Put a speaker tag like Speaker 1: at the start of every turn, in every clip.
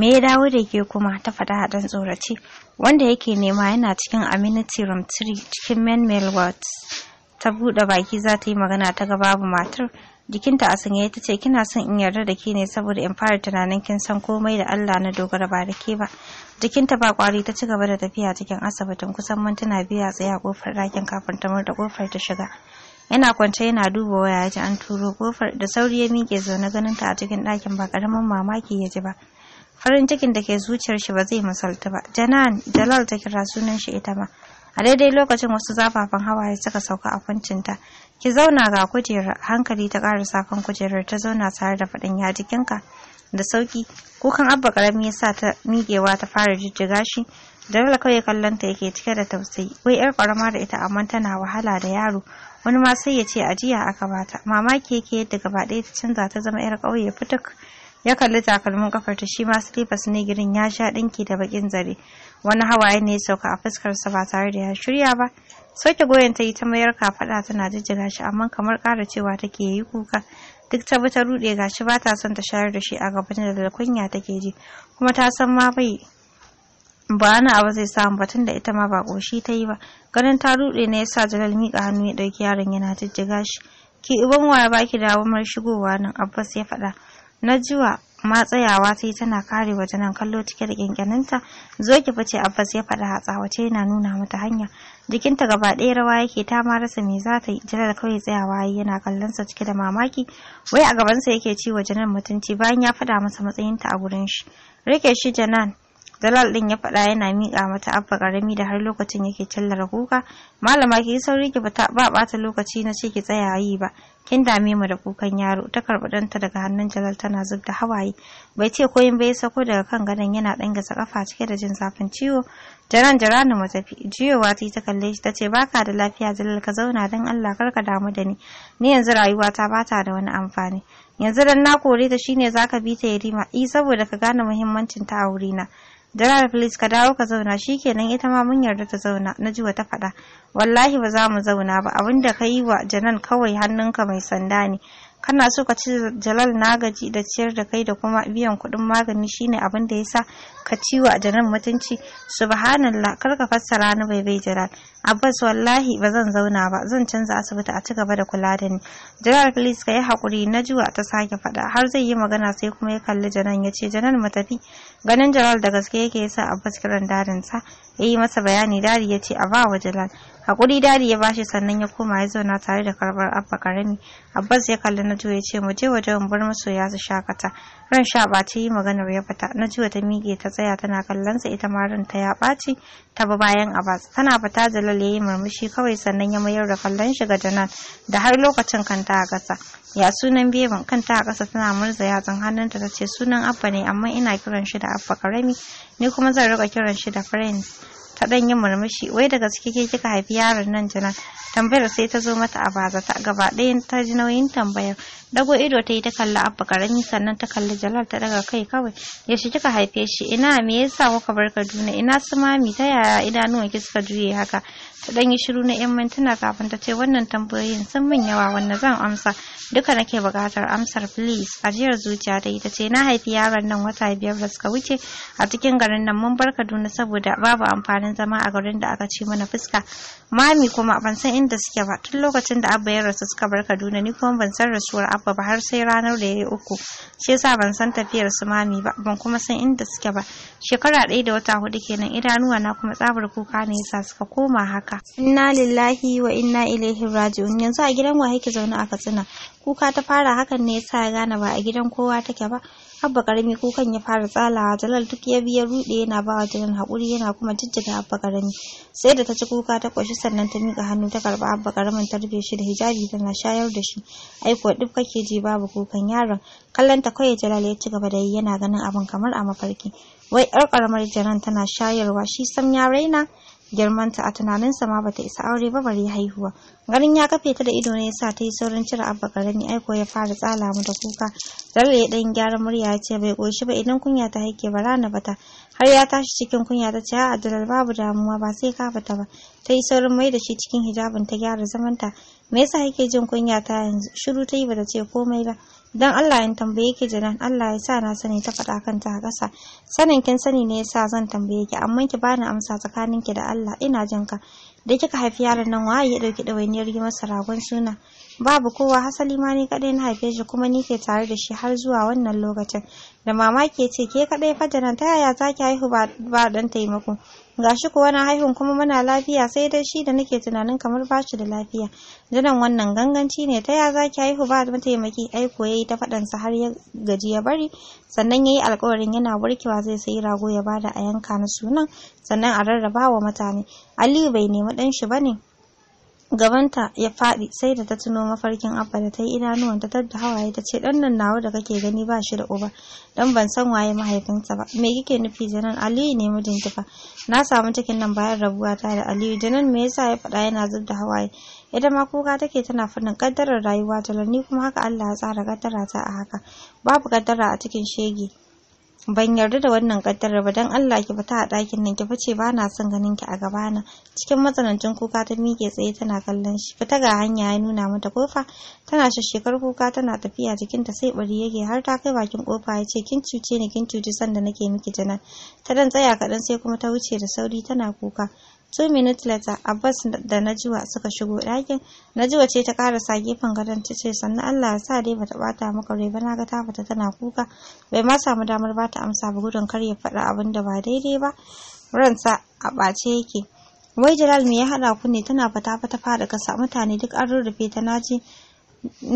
Speaker 1: me ya dawo da ke kuma ta faɗa haɗin tsorace? wanda yake nema yana cikin amenity room 3 cikin main wards ta buɗe baki za ta yi magana ta ga babu matar jikinta a sanye ta ce kina son in yarda da ke ne saboda in fara tunanin kin san komai da Allah na dogara ba da ke ba jikinta ba kwari ta ci gaba da tafiya cikin asibitin kusan mintuna biya tsaye a kofar ɗakin kafin ta murda kofar ta shiga yana kwance yana duba waya ya ji an turo kofar da sauri ya miƙe zaune ganin ta a cikin ɗakin ba ƙaramin mamaki ya ji ba farin cikin da ke zuciyar shi ba zai misalta ba janan jalal ta kira sunan shi ita ma a daidai lokacin wasu zafafan hawaye suka sauka a kwancinta. ki zauna ga kujerar hankali ta ƙara safan kujerar ta zauna tare da faɗin ya jikinka da sauki kukan abba karami ya sa ta miƙewa ta fara jijjiga shi jalal kawai kallon ta yake cike da tausayi wai yar ƙarama da ita amma tana wahala da yaro wani ma sai ya ce ajiya aka bata mamaki yake yadda gaba ɗaya ta canza ta zama yar ƙauye fituk ya kalli takalmin kafar ta shi ma slippers ne girin ya sha dinki da bakin zare wani hawaye ne ya sauka a fuskarsa ba tare da ya shirya ba soke goyon ta yi ta mayar kafaɗa tana jijjiga shi amma kamar kara cewa take yi kuka duk ta bata ta ruɗe gashi ba ta son ta shayar da shi a gaban da kunya take ji kuma ta san ma bai ba abu zai samu batun da ita ma ba ƙoshi ta yi ba ganin ta ruɗe ne yasa jalal miƙa hannu ya ɗauki yaron yana jijjiga shi ki uban waya baki dawo mar shigowa nan abbas ya faɗa Na jiwa ma tsayawa sai tana kare nan kallo cike da kyankyaninta zo ki fice abbas ya fada hatsa wace yana nuna mata hanya jikinta gaba ɗaya rawa yake ta ma rasa me za ta yi da kawai tsayawa yi yana kallon sa cike da mamaki wai a gabansa yake ci wa janan mutunci bayan ya faɗa masa matsayinta a gurin shi rike shi janan Dalal din ya faɗa yana mika mata abba karami da har lokacin yake tallar kuka. Malama ki yi sauri ki fita ba bata lokaci na ce ki tsaya yi ba. Kin dame mu da kukan yaro ta karba ɗanta daga hannun Jalal tana zub da hawaye. Bai ce ko in bai sako daga kan gadon yana gasa kafa cike da jin zafin ciwo. Jaran jaranu mu tafi. Jiyowa ta ta kalle shi tace baka da lafiya Jalal ka zauna dan Allah kar ka damu da ni. Ni yanzu rayuwa ta bata da wani amfani. Yanzu dan na kore ta shine zaka bi ta yarima. I e, saboda ka gane muhimmancin ta aure na. Jirar filis ka dawo ka zauna shi nan ita ma mun yarda ta zauna na jiwa ta faɗa. Wallahi ba za mu zauna ba abin da ka yi wa Janan kawai hannunka mai sanda ne. Kana so ka ci Jalal na gaji da ciyar da kai da kuma biyan kuɗin magani shine abin da ya sa ka ci wa Janan mutunci. Subhanallah kar ka fassara ni bai bai Jalal. Abbas wallahi ba zan zauna ba zan canza asibiti a ci gaba da kula da ni. Jalal filis ka yi haƙuri na jiwa ta sake faɗa har zai yi magana sai kuma ya kalli Janan ya ce Janan mu tafi. ganin jalal da gaske yake yasa abbas kiran dadinsa ya yi masa bayani dadi ya ce a ba wa jalal hakuri dadi ya bashi sannan ya koma ya zauna tare da karbar abba karami abbas ya kalli na ya ce mu je wajen bar masoya su shakata ran sha ɓaci yi maganar ya fita na jiwa ta mige ta tsaya tana kallon sa ita ma ta ya ɓaci ta ba bayan abbas tana fita jalal ya yi murmushi kawai sannan ya mayar da kallon shi ga janan da har lokacin kanta a ƙasa ya sunan beban kanta a ƙasa tana murza yatsun hannunta ta ce sunan abba ne amma ina kiran shi da abba karami ni kuma zan rika kiran shi da friends ta dan yi murmushi wai da gaske ke kika haifi yaron nan janan tambayar sai ta zo mata a ta gaba ɗaya ta ji nauyin tambayar dago ido ta yi ta kalla abba karami sannan ta kalli jalal ta daga kai kawai yaushe kika haife shi ina me yasa kuka bar kaduna ina su mami ta yaya idanuwan ki suka juye haka ta dan yi shiru na yan mintuna kafin ta ce wannan tambayoyin sun min yawa wanda zan amsa duka nake buƙatar amsar please ajiyar zuciya ta yi ta ce na haifi yaron nan wata biyar da suka wuce a cikin garin nan mun bar Kaduna saboda babu amfanin zama a garin da aka ci mana fuska mami kuma ban san inda suke ba tun lokacin da abba ya rasu suka bar Kaduna ni kuma ban san rasuwar abba ba har sai ranar da ya yi uku shi yasa ban san tafiyar su mami ba ban kuma san inda suke ba shekara ɗaya da wata hudu kenan idanuwa na kuma tsabar kuka ne yasa suka koma haka haka inna lillahi wa inna ilaihi raji'un yanzu a gidan wa ki zaune a katsina kuka ta fara hakan ne yasa ya gane ba a gidan kowa take ba abba karami kukan ya fara tsalawa jalal duk ya biya rude yana ba wa jalal haƙuri yana kuma jijjiga abba karami sai da ta ci kuka ta kwashi sannan ta miƙa hannu ta karɓi abba karamin ta rufe shi da hijabi tana shayar da shi aiko duk kake ji babu kukan yaron kallon ta kawai jalal ya ci gaba da yi yana ganin abin kamar a mafarki wai yar karamar jaran tana shayarwa shi sam ya raina girmanta a tunaninsa ma bata isa aure ba bari haihuwa garin ya kafe ta da ido ne yasa ta yi saurin cire abba karami aiko ya fara tsala mu da kuka lalle ya dan gyara murya ya ce bai koshi ba idan kunya ta haike ba rana bata har ya tashi cikin kunya ta ce a dalar babu damuwa ba sai ka fita ba ta yi saurin mai da shi cikin hijabin ta gyara zamanta me yasa yake jin kunya ta yanzu shiru ta yi ba ta ce komai ba dan Allah in tambaye ki jinan Allah ya sa na sani ta faɗa kanta a ƙasa sanin kin sani ne yasa zan tambaye ki amma ki bani amsa tsakanin ki da Allah ina jin ka da kika haifi yaron nan waye ya dauki ɗawainiyar yi masa ragon suna babu kowa hasali ma ni kadai na haife shi kuma ni ke tare da shi har zuwa wannan lokacin da mamaki ce ke kadai nan ta yaya zaki haihu ba dan taimako gashi kuwa na haihun kuma muna lafiya sai dai shi da nake tunanin kamar ba shi da lafiya jiran wannan ganganci ne ta ya zaki haihu ba mataimakin aiko yayi ta sa har ya gaji ya bari sannan yayi alƙawarin yana warkewa zai sayi rago ya bada a yanka na sunan sannan a rarraba wa mutane aliyu bai nemi dan shi bane gabanta ya faɗi sai da ta tuno mafarkin abba da ta yi idanuwan ta tadda hawaye ta ce dan nan nawa da kake gani ba shi da uba dan ban san waye mahaifinta ba me kike nufi janan aliyu ne mijinki fa na samu cikin nan bayan rabuwa ta da aliyu janan me yasa ya faɗa yana zub da hawaye ita ma kuka take tana fadin kaddarar rayuwa ta ni kuma haka Allah ya tsara kaddara ta a haka babu kaddara a cikin shege ban yarda da wannan kaddar ba dan Allah ki fita a ɗakin nan ki fice ba na son ganin ki a gaba na. cikin matsanancin kuka ta mike tsaye tana kallon shi fita ga hanya ya nuna mata kofa tana shashshekar kuka tana tafiya jikinta sai bari yake har ta kai bakin kofa ya ce kin cuce ni kin cuci sanda nake miki jana ta dan tsaya kaɗan sai kuma ta wuce da sauri tana kuka Two minutes later, Abbas da Najwa suka shigo ɗakin. Najwa ce ta karasa gefen gadon ta ce, sannan Allah ya sa dai bata bata maka rai ba na ga ta fita tana kuka. Bai ma samu damar bata amsa ba gudun kar ya faɗa abin da ba daidai ba. Ransa a ɓace yake. Wai Jalal me ya haɗa ku ne tana fata fata fara kasa mutane duk an rurrufe ta naji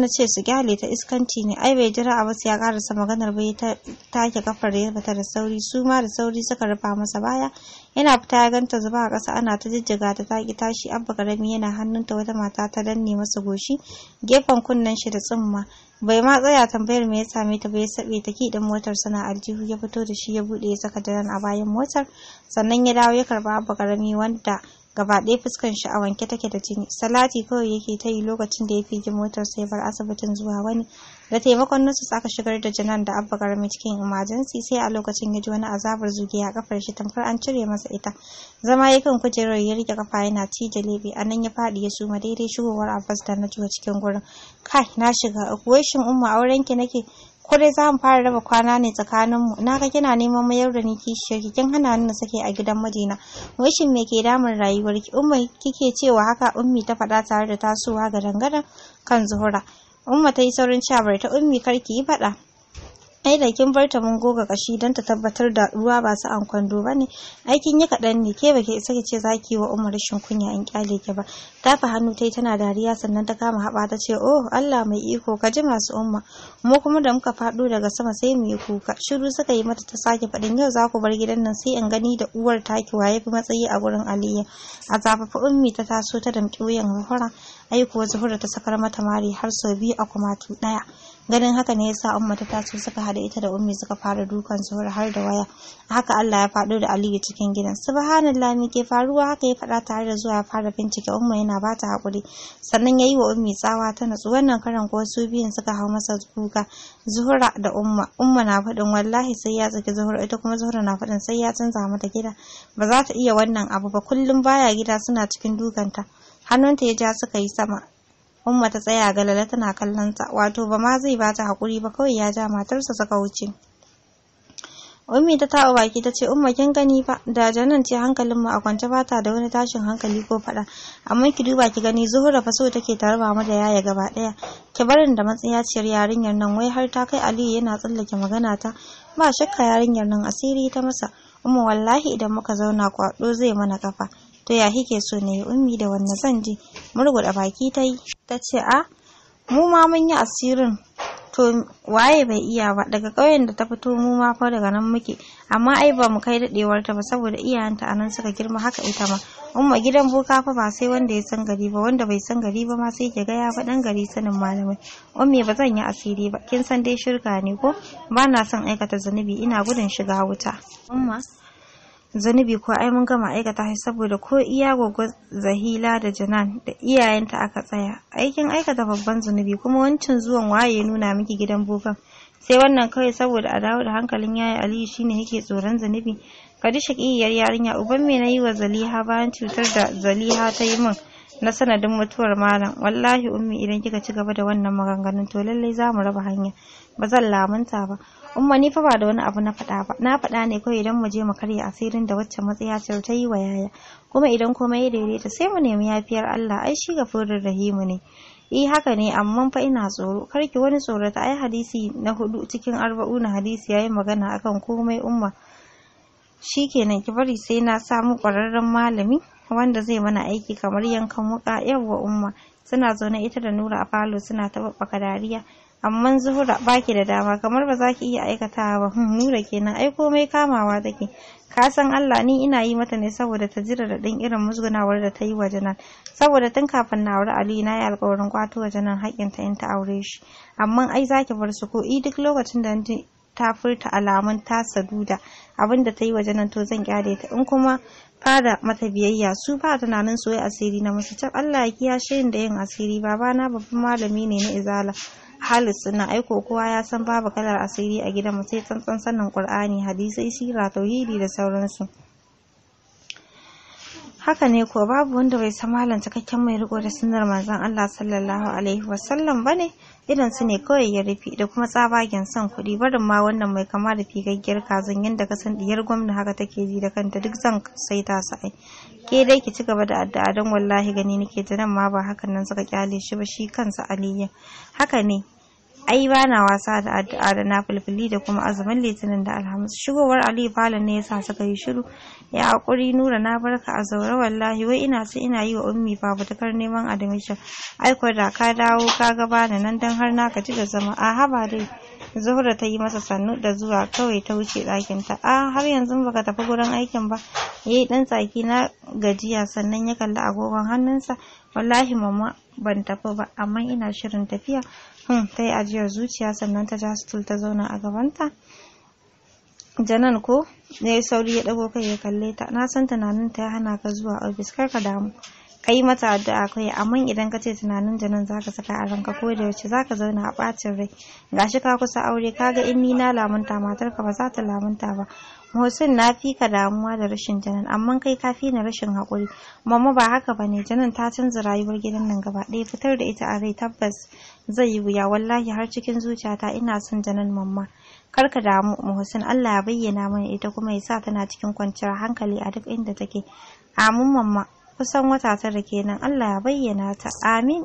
Speaker 1: na ce su gyale ta iskanci ne ai bai jira a wasu ya karasa maganar bai ta take kafar ya bata da sauri su ma da sauri suka rufa masa baya yana fita ya ganta zuba a kasa ana ta jijjiga ta taki tashi abba karami yana hannunta wata mata ta danne masa goshi gefen kunnen shi da tsumma bai ma tsaya tambayar me ya same ta ba ya sabe ta ki dan motar sana aljihu ya fito da shi ya bude ya saka daren a bayan motar sannan ya dawo ya karba abba karami wanda gaba ɗaya fuskan shi a wanke take da jini salati kawai yake ta yi lokacin da ya fi motar sai bar asibitin zuwa wani da taimakon nasu aka shigar da janan da abba garmi cikin imajensi sai a lokacin ya ji wani azabar zugiya a kafar shi tamkar an cire masa ita zama ya kan kujerar ya rike kafa yana da lebe a nan ya faɗi ya suma daidai shigowar abbas da na cikin gurin kai na shiga kuwa shin umma aurenki nake ko dai za fara raba kwana ne tsakaninmu na ga kina neman mayar da ni kishiyar ki kin hana ni na sake a gidan mijina wishin me ke damun rayuwarki umma kike cewa haka ummi ta faɗa tare da tasowa ga dangana kan zuhura umma ta yi saurin cewa ta ummi kar ki yi faɗa ai da kin barta mun goga kashi don ta tabbatar da ruwa ba su an kwando ba ne aikin yi kaɗan ne ke baki isa ce za ki wa umar rashin kunya in kyale ki ba ta fi hannu ta yi tana dariya sannan ta kama haɓa ta ce oh allah mai iko ka ji masu umma mu kuma da muka faɗo daga sama sai mu yi kuka shiru suka yi mata ta sake faɗin yau za ku bar gidan nan sai in gani da uwar taki waye fi matsayi a gurin aliyu a zafafa ummi ta taso ta damƙi wuyan zuhura ai kuwa zuhura ta sakar mata mari har sau biyu a kumatu ɗaya ganin haka ne yasa umma ta taso suka hada ita da ummi suka fara dukan zuhur har da waya haka Allah ya faɗo da Aliyu cikin gidan subhanallah ne ke faruwa haka ya faɗa tare da zuwa ya fara bincike umma yana ba ta hakuri sannan ya yi wa ummi tsawa ta natsu wannan karan ko su biyun suka hau masa kuka zuhura da umma umma na faɗin wallahi sai ya tsaki zuhura ita kuma zuhura na faɗin sai ya canza mata gida ba za ta iya wannan abu ba kullum baya gida suna cikin dukanta hannunta ya ja suka yi sama Umma ta tsaya galala tana kallon ta wato ba ma zai bata hakuri ba kawai ya ja matarsa saka wuce. Ummi ta taɓa baki ta ce, Umma kin gani ba, da janan ce hankalin mu a kwance ba ta da wani tashin hankali ko faɗa, amma ki duba ki gani Zuhura fa so take ta raba mu da yaya gaba ɗaya. Ki barin da matsiyaciyar yarinyar nan wai har ta kai Aliyu yana tsallake magana ta, ba shakka yarinyar nan asiri ta masa. Umma wallahi idan muka zauna kwaɗo zai mana kafa. to ya kike so na yi ummi da wanne zan je murguda baki ta yi ce a mu ma mun yi asirin to waye bai iya ba daga ƙauyen da ta fito mu ma fa daga nan muke amma ai ba mu kai dadewar ta ba saboda iyayenta anan suka girma haka ita ma umma gidan boka fa ba sai wanda ya san gari ba wanda bai san gari ba ma sai ke ga ya fa dan gari sanin malamai ummi ba zan yi asiri ba kin san dai shirka ne ko ba na son aikata zunubi ina gudun shiga wuta umma zanubi ko ai mun gama aikata shi saboda ko iya gwagwa zahila da janan da iyayenta aka tsaya aikin aikata babban zanubi kuma wancan zuwan waye nuna miki gidan boka sai wannan kawai saboda a dawo da hankalin yayi aliyu shine yake tsoron zanubi kadi shakiyar yarinya uban me nayi wa zaliha bayan cutar da zaliha ta yi min na sanadin mutuwar malam wallahi ummi idan kika ci gaba da wannan maganganun to lallai za mu raba hanya ba zan lamunta ba umma ni fa ba da wani abu na faɗa ba na faɗa ne kawai idan mu je mu karya asirin da wacce matsaya ce ta yi wa yaya kuma idan komai ya daidaita sai mu nemi yafiyar Allah ai shi gafurur rahimu ne eh haka ne amma fa ina tsoro kar ki wani tsoro ta ai hadisi na hudu cikin arba'u na hadisi yayi magana akan komai umma shikenan ki bari sai na samu ƙwararren malami wanda zai mana aiki kamar yankan wuka yawwa umma suna zaune ita da nura a falo suna ta babbaka dariya amma zuhura baki da dama kamar ba za ki iya aikatawa ba hun hmm, nura kenan ai komai kamawa take ka san Allah ni ina yi mata ne saboda ta jira da ɗan irin musgunawar da ta yi wa nan saboda tun kafin na wuri Ali na yi alƙawarin kwato wa haƙƙin ta in ta aure shi amma ai za ki bar su ko i duk lokacin da ta furta alamun ta saduda abin da ta yi wa nan to zan gyara ta in kuma fara mata biyayya su ba tunanin soyayya asiri na musu can Allah ya kiyashe da yin asiri babana babban malami ne na izala halis na aiko kowa ya san babu kalar asiri a mu sai tsantsan sanin qur'ani hadisai sira tauhidi da sauransu haka ne ko babu wanda bai san malam cikakken mai riko da sunnar manzon Allah sallallahu alaihi wasallam bane idan su ne kawai ya rufi da kuma tsabagen son kuɗi barin ma wannan mai kama da figaggiyar kazan yadda ka san diyar gwamna haka take ji da kanta duk zan sai ta su ai ke dai ki ci gaba da addu'a don wallahi gani nake tunan ma ba hakan nan suka kyale shi ba shi kansa aliyya haka ne ai ba na wasa da addu'a da na filfili da kuma azumin litinin da alhamis shigowar aliyu falon ne yasa suka yi shiru ya hakuri nura na barka a zaure wallahi wai ina ce ina yi wa ummi fafutukar neman admission aiko da ka dawo ka gaba da nan dan har na kaci da zama a haba dai zuhura ta yi masa sannu da zuwa kawai ta wuce ɗakin ta a har yanzu baka tafi gurin aikin ba yayi ɗan tsaki na gajiya sannan ya kalli agogon hannunsa wallahi mama ban tafi ba amma ina shirin tafiya hmm ta yi ajiyar zuciya sannan ta ja ta zauna a gabanta janan ko ya yi sauri ya ɗago kai ya kalle ta na san tunanin ta ya hana ka zuwa ofis kar ka damu kai mata addu'a kai amma idan ka ce tunanin janan ka saka a ranka ko da za ka zauna a bacin rai gashi ka kusa aure ka ga in ni na lamunta matar ka ba za ta lamunta ba Musin na fi ka damuwa da rashin janan amma kai ka fi ni rashin haƙuri mamma ba haka ba ne janan ta canza rayuwar gidan nan gaba ɗaya fitar da ita a rai tabbas zai yi wuya wallahi har cikin zuciyata ina son janan mamma kar ka damu Muhsin Allah ya bayyana mana ita kuma ya sa tana cikin kwanciyar hankali a duk inda take amin mamma kusan wata tara kenan Allah ya bayyana ta amin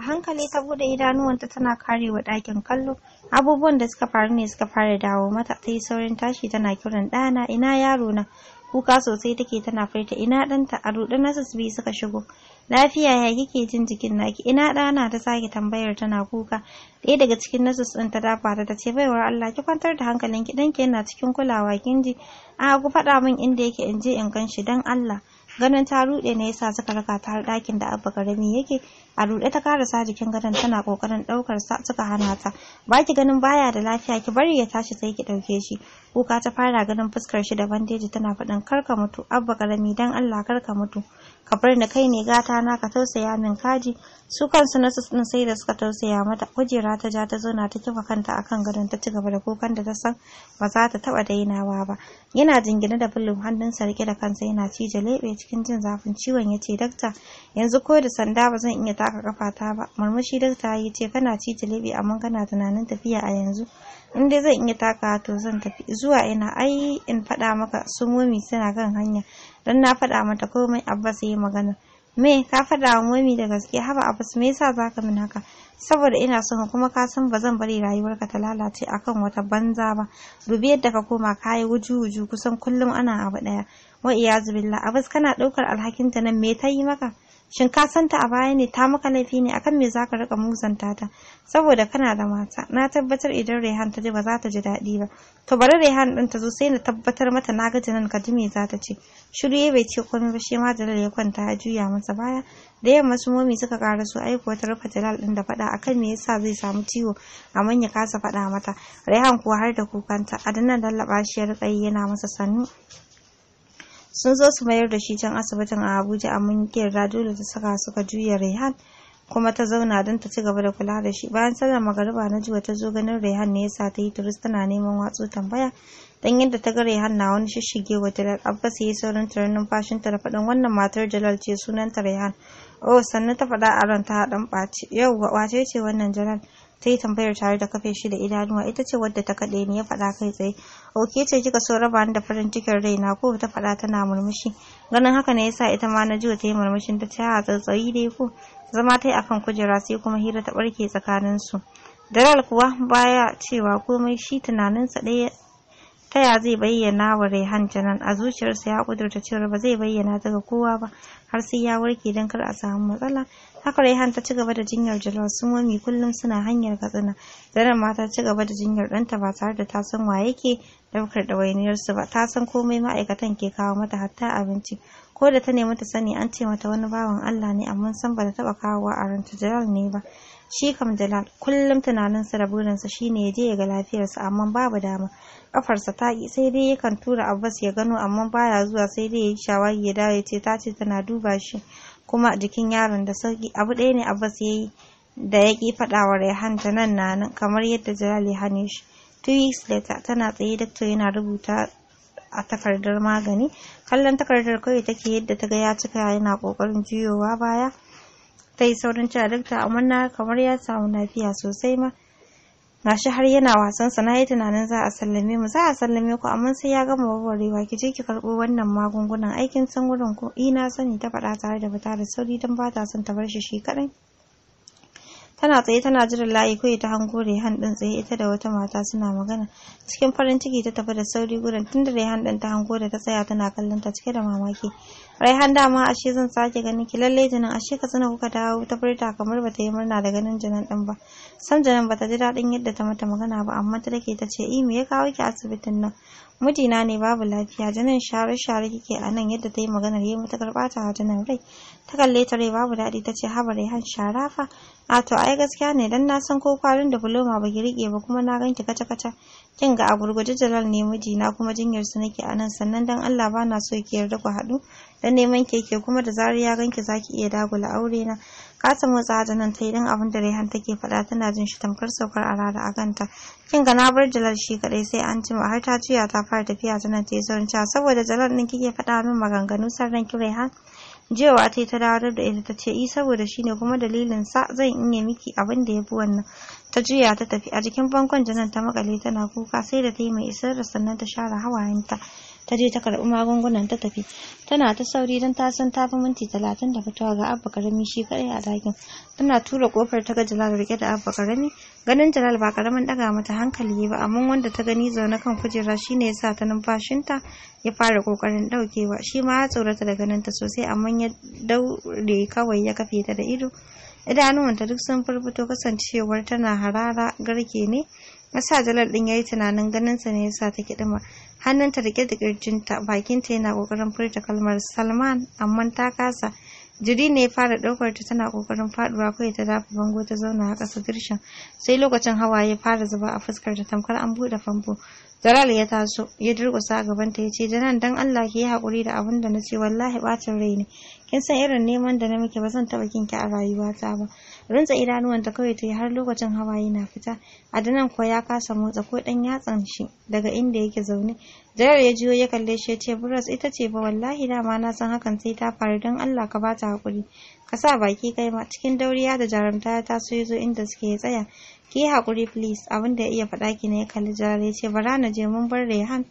Speaker 1: a hankali ta bude idanuwanta tana karewa ɗakin kallo abubuwan da suka faru ne suka fara dawo mata ta yi saurin tashi tana kiran ɗana ina yaro na kuka sosai take tana furta ina ɗanta a ruɗe na biyu suka shigo lafiya ya kike jin jikin naki ina ɗana ta sake tambayar tana kuka ɗaya daga cikin nasus ɗin ta dafa ta ce baiwar Allah ki kwantar da hankalin ki ɗanki yana cikin kulawa kin ji a ku faɗa min inda yake in je in gan shi dan Allah ganin ta rude ne yasa suka raka ta har dakin da abba karami yake a rude ta karasa jikin gadon tana kokarin ɗaukar sa suka hana ta baki ganin baya da lafiya ki bari ya tashi sai ki ɗauke shi kuka ta fara ganin fuskar shi da bandeji tana faɗin karka mutu abba karami dan Allah karka mutu ka bar ni kai ne gata na ka tausaya min kaji su kansu na din sai da suka tausaya mata kujera ta ja ta zauna ta kifa kanta akan gadon ta cigaba da kukan da ta san ba za ta taba dainawa ba yana jingina da bullum hannunsa rike da kansa yana cije lebe cikin jin zafin ciwon yace dakta yanzu ko da sanda ba zan iya taka kafata ba murmushi dakta ya ce kana cije lebe amma kana tunanin tafiya a yanzu in dai zan iya takawa to zan tafi zuwa ina ai in faɗa maka su momi suna kan hanya dan na faɗa mata komai abbas yi magana me ka faɗa wa momi da gaske haba abbas me yasa zaka min haka saboda ina son kuma ka san ba zan bari rayuwarka ta lalace akan wata banza ba dubi yadda ka koma kayi wuju wuju kusan kullum ana abu ɗaya. wa iyazu billah kana ɗaukar alhakin ta nan me ta yi maka shin ka san a baya ne ta maka laifi ne akan me zaka rika musanta ta saboda kana da mata na tabbatar idan Rehan ta ji ba za ta ji daɗi ba to bari Rehan din ta zo sai na tabbatar mata na ga nan ka ji me za ta ce shiru ya bai ce komai ba shi ma Jalal ya kwanta ya juya masa baya da yamma su momi suka ƙara su aiko ta rufe Jalal din da faɗa akan me yasa zai samu ciwo amma ya kasa faɗa mata Rehan kuwa har da kukanta Adnan lallaba shi ya rika yi yana masa sannu sun zo su mayar da shi can asibitin a abuja a mun kera dole ta saka suka juya rehan kuma ta zauna don ta ci gaba da kula da shi bayan sallar magariba na jiwa ta zo ganin rehan ne yasa ta yi turist tana neman watsu tambaya dan yadda ta ga rehan na wani shishige wa jalal abbas yi saurin turin numfashin ta da faɗin wannan matar jalal ce sunanta rehan oh sannan ta faɗa a ran ta dan ɓaci yau wace ce wannan jalal ta yi tambayar tare da kafe shi da idanuwa ita ce wadda ta kaɗe ni ya faɗa kai tsaye oke ce kika so raba ni da farin cikin rai na ko ta faɗa tana murmushi ganin haka ne yasa ita ma na ji ta yi murmushin ta ce a tsatsayi dai ko zama ta yi akan kujera sai kuma hira ta ɓarke su daral kuwa baya cewa komai shi tunaninsa ɗaya ta ya zai bayyana wa Rehan Janan a zuciyarsa ya kudurta cewa ba zai bayyana ta ga kowa ba har sai ya warke don kar a samu matsala Haka Raihan ta ci da jinyar Jalal sun mami kullum suna hanyar Katsina. Zainab ma ta ci gaba da jinyar ɗanta ba tare da ta san wa yake ɗaukar su ba. Ta san komai ma'aikatan ke kawo mata hatta abinci. Ko da ta nemi ta sani an ce mata wani bawan Allah ne amma san ba ta kawo wa a ranta Jalal ne ba. Shi kam Jalal kullum tunaninsa da burinsa shine ya je ya ga lafiyarsa amma babu dama. Kafarsa ta yi sai dai yakan tura Abbas ya gano amma baya zuwa sai dai ya yi shawagi ya dawo ya ce ta ce tana duba shi. kuma jikin yaron da sauki abu ɗaya ne abbas ya yi da ya ƙi faɗawa rehan ta nan na nan kamar yadda jalal ya hane shi two weeks later tana tsaye doctor yana rubuta a takardar magani kallon takardar kawai take yadda ta ga ya cika yana kokarin juyowa baya ta yi saurin cewa dakta na kamar ya samu lafiya sosai ma gashi har yana wasan sa nayi tunanin za a sallame mu za a sallame ku amma sai ya gama warwarewa ki je ki karbo wannan magungunan aikin san wurin ko ina sani ta faɗa tare da fita da sauri don ba ta son ta bar shi shi kaɗai Tana tsaye tana jiran layi kawai ta hango Rehan ɗin tsaye ita da wata mata suna magana. Cikin farin ciki ta tafi da sauri gurin tunda Rehan ɗin ta hango da ta tsaya tana kallon ta cike da mamaki. Rehan dama ashe zan sake ganin ki lalle jinin ashe ka tsina kuka dawo ta furta kamar bata yi murna da ganin jinin ɗin ba. Sam jinin bata ji daɗin yadda ta mata magana ba amma ta dake ta ce i me ya kawo ki asibitin nan. mijina ne babu lafiya janan share share kike a nan yadda ta yi maganar yi matakar bata a janan rai ta kalle ta rai babu daɗi ta ce haba han shara fa a to ai gaskiya ne dan na san ko kwarin da buloma ba ki rike ba kuma na ganki kaca kaca kin ga a gurguje jalal ne mijina kuma jinyar su nake a nan sannan dan Allah ba na so ki yarda ku haɗu dan neman keke kuma da zarar ya ganki zaki iya dagula aure na kasa motsa janan ta yi abun abin da Rehan take faɗa tana jin shi tamkar saukar alada a kanta. Kin ga na bar Jalal shi kaɗai sai an jima har ta juya ta fara tafiya tana ta yi zaurin cewa saboda Jalal ɗin kike faɗa min maganganu sannan ki Rehan. jiwa ta ta dawo da ita ta ce i eh, saboda shine kuma dalilin sa zan iya miki abin da ya fi wannan. Ta juya ta tafi a jikin bankon janan ta makale tana kuka sai da ta yi mai isar da sannan ta share hawayenta. ta je ta karɓi magungunan ta tafi tana ta sauri don ta san ta fi minti talatin da fitowa ga abba karami shi kaɗai a dakin. tana tura ƙofar ta ga jalal rike da abba karami ganin jalal ba karamin ɗaga mata hankali ba amma wanda ta gani zaune kan kujera shine yasa ta numfashinta ya fara kokarin ɗaukewa shi ma ya tsorata da ganin ta sosai amma ya daure kawai ya kafe ta da ido idanuwanta duk sun furfuto kasancewar tana harara garke ne masa jalal din yayi tunanin ganin sa ne yasa ta kidima hannunta rike da kirjinta bakinta yana kokarin furta kalmar salman amma ta kasa jiri ne ya fara ɗaukar ta tana kokarin faduwa kawai ta dafa bango ta zauna a kasa dirshin sai lokacin hawa ya fara zuba a fuskar ta tamkar an buɗe fambo jalal ya taso ya durƙusa a ta ya ce nan dan allah ki yi hakuri da abin da na ce wallahi bacin rai ne kin san irin neman da na muke ba zan taɓa kinki a rayuwata ba rinza ta kawai ta yi har lokacin hawaye na fita adanan kuwa ya kasa motsa ko dan yatsan shi daga inda yake zaune jayar ya jiyo ya kalle shi ya ce buras ita ce ba wallahi dama na san hakan sai ta faru don allah ka bata hakuri ka sa baki kai ma cikin dauriya da jarumta ta taso ya zo inda suke tsaya ki yi hakuri please abin da ya iya faɗa ki ne ya kalli jayar ya ce bara na je mun bar rehan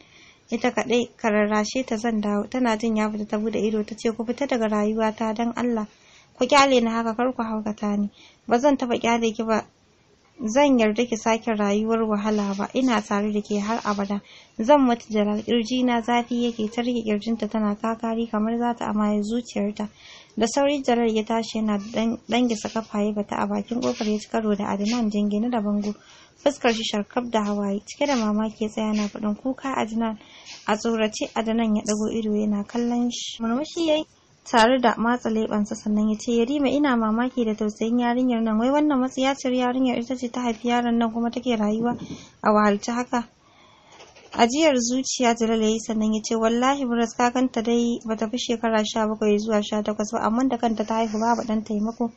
Speaker 1: ita kaɗai ka rarrashe ta zan dawo tana jin ya fita ta bude ido ta ce ku fita daga rayuwata don allah ku kyale ni haka kar ku haukata ni ba zan taba kyale ki ba zan yarda ki sake rayuwar wahala ba ina tare da ke har abada zan mutu jalal kirji na zafi yake ta rike kirjinta tana kakari kamar za ta amaye zuciyarta da sauri jalal ya tashi yana dangisa kafaye bata a bakin kofar ya ci karo da adnan jingine da bango fuskar shi sharkaf da hawaye cike da mamaki ya tsaya na faɗin kuka adnan a tsorace adnan ya ɗago ido yana kallon shi murmushi yayi tare da matsa leɓensa sannan ya ce yarima ina mamaki da tausayin yarinyar nan wai wannan matsiyaciyar yarinyar ita ce ta haifi yaron nan kuma take rayuwa a wahalce haka ajiyar zuciya jalal ya yi sannan ya ce wallahi buras kakanta dai bata fi shekara sha bakwai zuwa sha takwas ba amma da kanta ta haihu babu ɗan taimako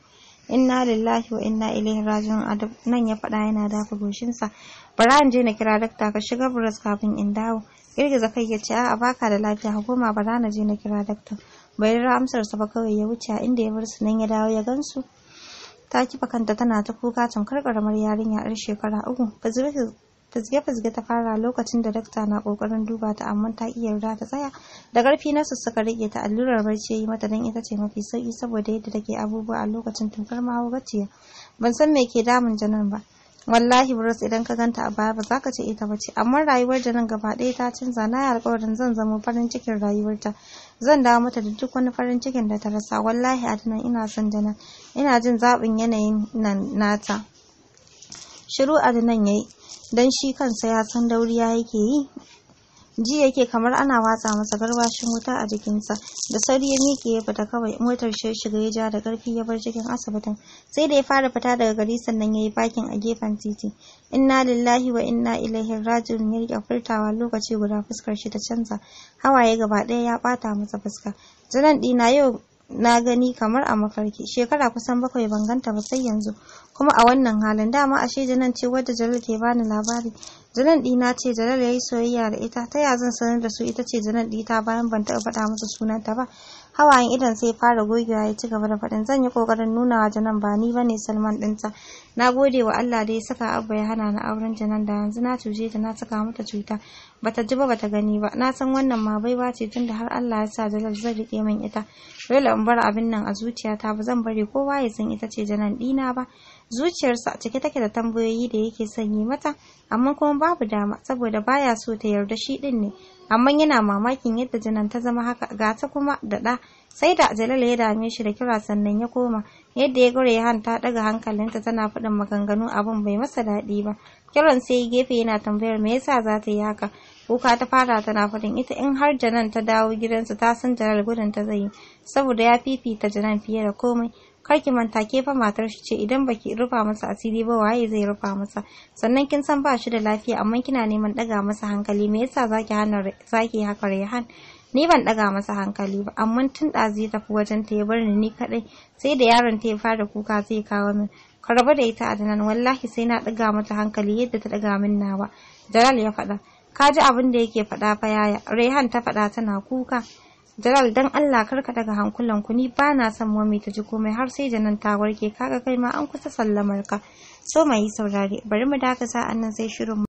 Speaker 1: inna lillahi wa inna ilaihi raji'un a nan ya faɗa yana dafa goshinsa bara in je na kira dakta ka shiga buras kafin in dawo girgiza kai ya ce a'a baka da lafiya goma bara na je na kira dakta bai rira amsarsa ba kawai ya wuce a inda ya bar su nan ya dawo ya gansu ta kifa kanta tana ta kuka tamkar karamar yarinya yar shekara uku fizge-fizge ta fara lokacin da dakta na kokarin duba ta amma ta iya yarda ta tsaya da karfi na suka rike ta allurar barci yi mata dan ita ce mafi sauki saboda yadda take abubuwa a lokacin tamkar gaciya. ban san me ke damun janan ba wallahi burus idan ka ganta a baya ba za ka ce ita ba ce amma rayuwar janan gaba ɗaya ta canza na yi alkawarin zan zama farin cikin rayuwarta zan dawo mata da duk wani farin cikin da ta rasa wallahi a tunan ina son nan, ina jin zaɓin yanayin nan nata shiru ya yayi dan shi kansa ya san dauriya yake yi ji yake kamar ana watsa masa garwashin wuta a jikinsa da sauri ya miƙe ya fita kawai motar shi shiga ya ja da ƙarfi ya bar cikin asibitin sai da ya fara fita daga gari sannan ya yi bakin a gefen titi inna lillahi wa inna ilaihi raji'un ya riƙe furtawa lokaci guda fuskar shi ta canza hawaye gaba ɗaya ya ɓata masa fuska janan ɗina yau na gani kamar a mafarki shekara kusan bakwai ban ganta ba sai yanzu kuma a wannan halin dama ashe janan ce wadda jalil ke bani labari Janet ɗina ce Jalal ya yi soyayya da ita, ta ya zan sanar da su ita ce Janet ɗita bayan ban taɓa faɗa masa sunanta ba. Hawayen idan sai fara gogewa ya ci gaba da faɗin zan yi ƙoƙarin nuna wa Janan ba ni bane Salman ɗinta. Na gode wa Allah da ya saka Abba ya hana ni auren Janan da yanzu na cuce ta na saka mata cuta. Bata ji ba bata gani ba. Na san wannan ma baiwa ce tunda har Allah ya sa Jalal zai riƙe min ita. Dole in bar abin nan a zuciyata ba zan bari kowa ya san ita ce Janan ɗina ba. zuciyarsa cike take da tambayoyi da yake son yi mata amma kuma babu dama saboda baya so ta yarda shi din ne amma yana mamakin yadda jinan ta zama haka ga ta kuma da da sai da jalal ya dame shi da kira sannan ya koma yadda ya gure han ta daga hankalinta tana faɗin maganganu abin bai masa daɗi ba kiran sai gefe yana tambayar me yasa za ta yi haka kuka ta fara tana faɗin ita in har janan ta dawo gidansa ta san jalal gudun ta zai yi saboda ya fifita janan fiye da komai kar ki manta ke fa matar shi ce idan baki rufa masa asiri ba waye zai rufa masa sannan kin san ba shi da lafiya amma kina neman ɗaga masa hankali me yasa zaki hana zaki haka Rehan ni ban ɗaga masa hankali ba amma tun ɗazu ya tafi wajen ta ya bar ni ni kadai sai da yaron ta ya fara kuka zai kawo min ka da ita a nan wallahi sai na ɗaga mata hankali yadda ta daga min nawa Jalal ya faɗa ka ji abin da yake faɗa fa yaya Rehan ta faɗa tana kuka Jalal dan Allah karka daga hankulan ku ni ba na son mami ta ji komai har sai janan ta warke kaga kai ma an kusa sallamar ka. So mai saurare bari mu dakasa nan sai shirin